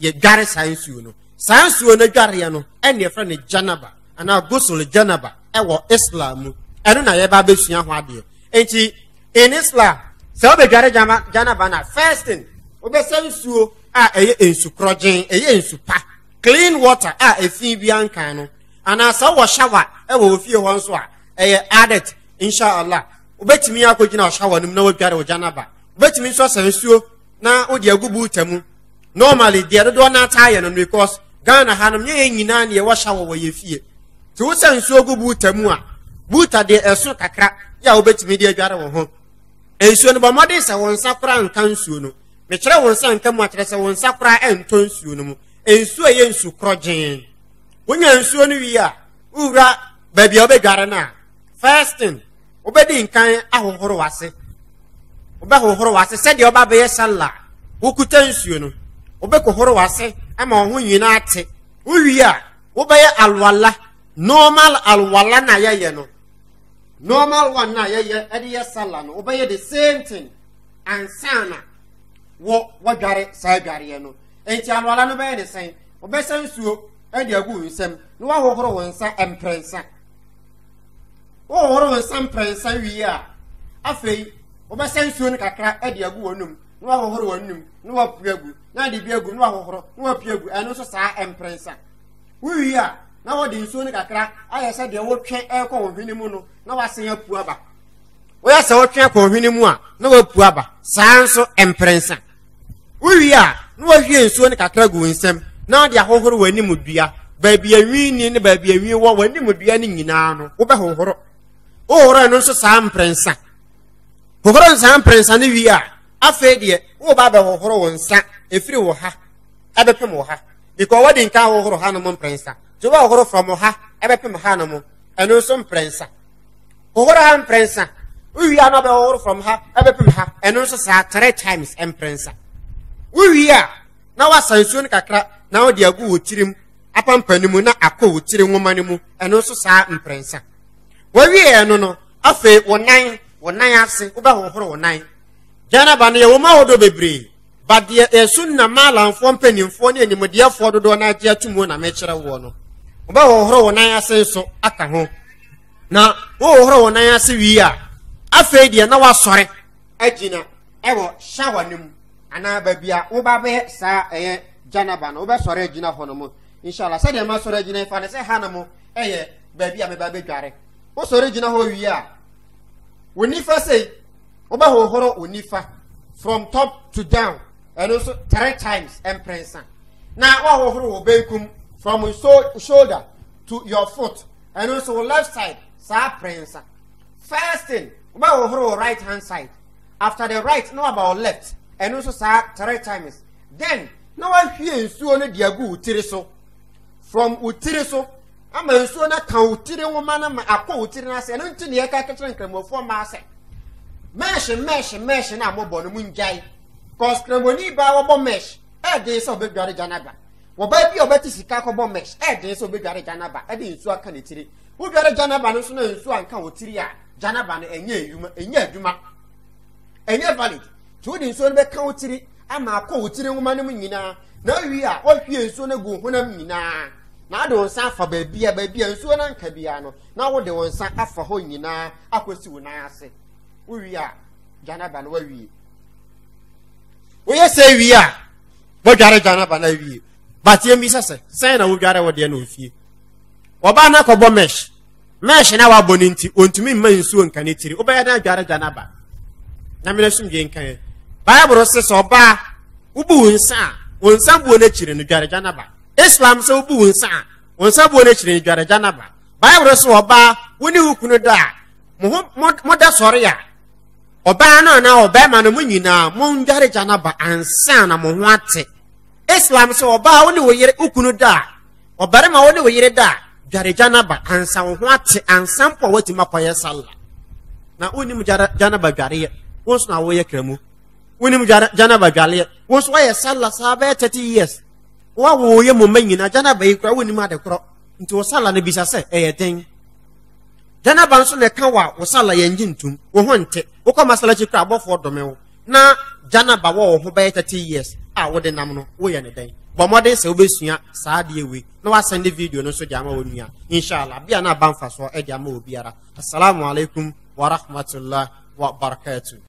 yɛdware saa nsuo no saa nsuo no dwareɛ no ɛne yɛfrɛ no janaba anaa gosol janaba ɛwɔ islam mu ɛno na yɛba abɛsua ho adeɛ nti in islam sɛ wobɛdware janaba na first thing wobɛsɛ nsuo a ɛyɛ nsukorɔgyen ɛyɛ nsupa clean water a ɛfin bi ankan no anaa sɛ wɔ shower ɛwɔ ofie hɔ nso a ɛyɛ adet inshallah wobɛtumi akɔgyina ɔshawa no mu na wadware wo janaba wobɛtumi nso asɛ nsuo na wode agu buuta mu normally deɛ dodoɔ no ata ayɛ no no because ghana hanom no yɛn nyinaa neɛ wɔhyɛ wɔ wɔyɛ fie nti wosɛ nsuo gu buuta mu a buuta deɛ ɛso kakra yɛ a wobɛtumi de adware wɔ ho nsuo no bɔmmɔden sɛ wɔn nsa koraa nka nsuo no mekyerɛ wɔn nsa nka mu akyerɛ sɛ wɔn nsa koraa ɛntɔ nsuo no mu nsuo yɛ nsu korɔ gyeen wonya nsuo no wie a wowura baabi a wobɛdware no a first thing wobɛdi nkan ahohoro wase wobɛhohoro wase sɛdeɛ wobɛbɛyɛ sala wokuta nsuo no wobɛkɔhoro wase ama wo ho nyinaa te wowie a wobɛyɛ alwala normal alwala na yɛyɛ no normal one na yɛyɛ ɛde yɛ sala no wobɛyɛ the same thing ansa na wɔ wɔdware saa dwareɛ no nti alwala no bɛyɛ ne sɛn wobɛsɛ nsuo ɛde agu wo nsam na woahohoro wo nsa mprɛnsa wohohoro wo nsa mprɛnsa wie a afei wobɛsɛ nsuo no kakra ɛde agu wɔ nom ne wɔhohoro wɔn nim ne wɔpue agu na de bi agu ne wɔhohoro ne wɔpue agu ɛno nso saa mprɛnsa wowie a na wɔde nsuo no kakra ayɛ sɛ deɛ wotwe ɛrekɔ wɔn hwene mu no na wasen apu aba woyɛ sɛ wotwe kɔ wɔn hwene mu a na wapu aba saa nso mprɛnsa wowie a na wɔhwie nsuo no kakra gu nsam na wɔde ahohoro wɔn anim dua baabi awi ni ne baabi awi wɔ wɔn anim dua no nyinaa no wobɛhohoro wohoro ɛno nso saa mprɛnsa hohoro nsaa mprɛnsa no wie a afei deɛ woba bɛhohoro wo nsa ɛfiri wo ha ɛbɛpem wo ha because wadi nka ahohoro ha no mo mprɛnsa nti wohohoro from ha ɛbɛpem ha no mo ɛno nso mprɛnsa hohoro ha mprɛnsa wowie a no ɔbɛhohoro from ha ɛbɛpem ha ɛno nso saa three times mprɛnsa wowie a na woasa nsuo no kakra na wode agu wɔ tirim apampa no na akɔ wɔ tiri nwoma no mu ɛno nso saa mprɛnsa wawie no no afei wo nan wo nan ase wobɛhohoro wo nan janaba no yɛwɔ mu ahodoɔ bebree ba deɛ ɛso nnam alamfoɔ mpanimfoɔ ne animdeɛfoɔ dodoɔ no agye atumu na mekyerɛ woɔ no wobɛhohoro wo nan ase so aka ho na wohohoro wo nan ase wie a afei deɛ na woasɔre agyina ɛwɔ shawa no mu anaa baabi a woba bɛyɛ saa ɛyɛ janaba no wobɛsɔre agyina hɔ no mu inshallah sɛdeɛ ma sɔre agyina fa ne sɛ ha no mo ɛyɛ baabi a meba bɛdware wosɔre gyina hɔ wie a wo sei wobɛhohoro wo nifa from top to down ɛno nso three times mprɛnsa na woahohoro wo benkum from your shoulder to your foot ɛno nso left side saa prɛnsa first thing wobɛhohoro wo right hand side after the right na about left ɛno nso saa three times then na wahwie nsuo no de agu wo tiri so from wo tiri so ama nsuo no ka wo tiri nwoma no ma akɔ wo tiri no ase ɛno nti ne yɛka kyekyere nkramofoɔ mmaa sɛ mesh mesh mesh na-amụbọlụ m njai kọstre mgbe n'ibe awọbọ mesh edesa obebiarị janaba wọba bi ọbetisi ka akọbọ mesh edesa obebiarị janaba ede nsu aka na etiri ubiarị janaba nso na nsu a nka wotiri ya janaba na enye enye edwuma enye valid tí o di nsuo no bɛ ka wotiri ama akɔ wotiri nwoma no mu nyinaa na awie a ɔhwie nsuo no gu m nyinaa na adị wɔn nsa afa baabi a baabi a nsuo no anka biara no na wɔde wɔn nsa afa hɔ nyinaa akɔsi wɔn nan wowie a janaba no wawie woyɛ sɛ wie a wɔdware janaba no awie bateɛ bi sɛ sɛ sɛn na wodware wɔ deɛ na ofie ɔbaa no akɔbɔ mesh mesh na wabɔ no nti ɔntumi mma nsuo nka ne tiri wobɛyɛ dɛn adware janaba na mena somdwe nka ɛ baibul se sɛ ɔbaa wobu wo nsa a wo nsa buo no akyiri no dware janaba islam sɛ wobu wo nsa a wo nsa buo no akyiri no dware janaba baibul se ɔbaa wo ne wo kunu da a mo da sɔre a ɔbaa no na ɔbarima no mu nyinaa mondware gya naba ansa na mo ho ate islam sɛ ɔbaa wo ne wo yere wo da a ɔbarima wo ne yere da a gya naba ansa wo ho ate ansa mpo a woatumi akɔyɛ sala na wonim gya naba dwareyɛ wo nso na woyɛ kramu wonim gya naba dwareyɛ wo nso woayɛ sala saa bɛyɛ 30 years woawoyɛ moma nyinaa gya naba yi kora wonim ade korɔ nti wo sala no bisa sɛ ɛyɛ den gya naba nso na ɛka wo a wo sala yɛngye ntom wo ho nte wokɔ masalakyi kora abo dɔme wo na jana bawa wɔn ho bɛyɛ thirty years a wɔde nam no woyɛ ne dɛn bɔ mmɔden sɛ wobɛsua saa adeɛ na wasɛn de video no nso de ama nua inshallah bia na aba nfa soɔ de ama obiara asalaamualeykum wa rahmatulah wa barakatuh.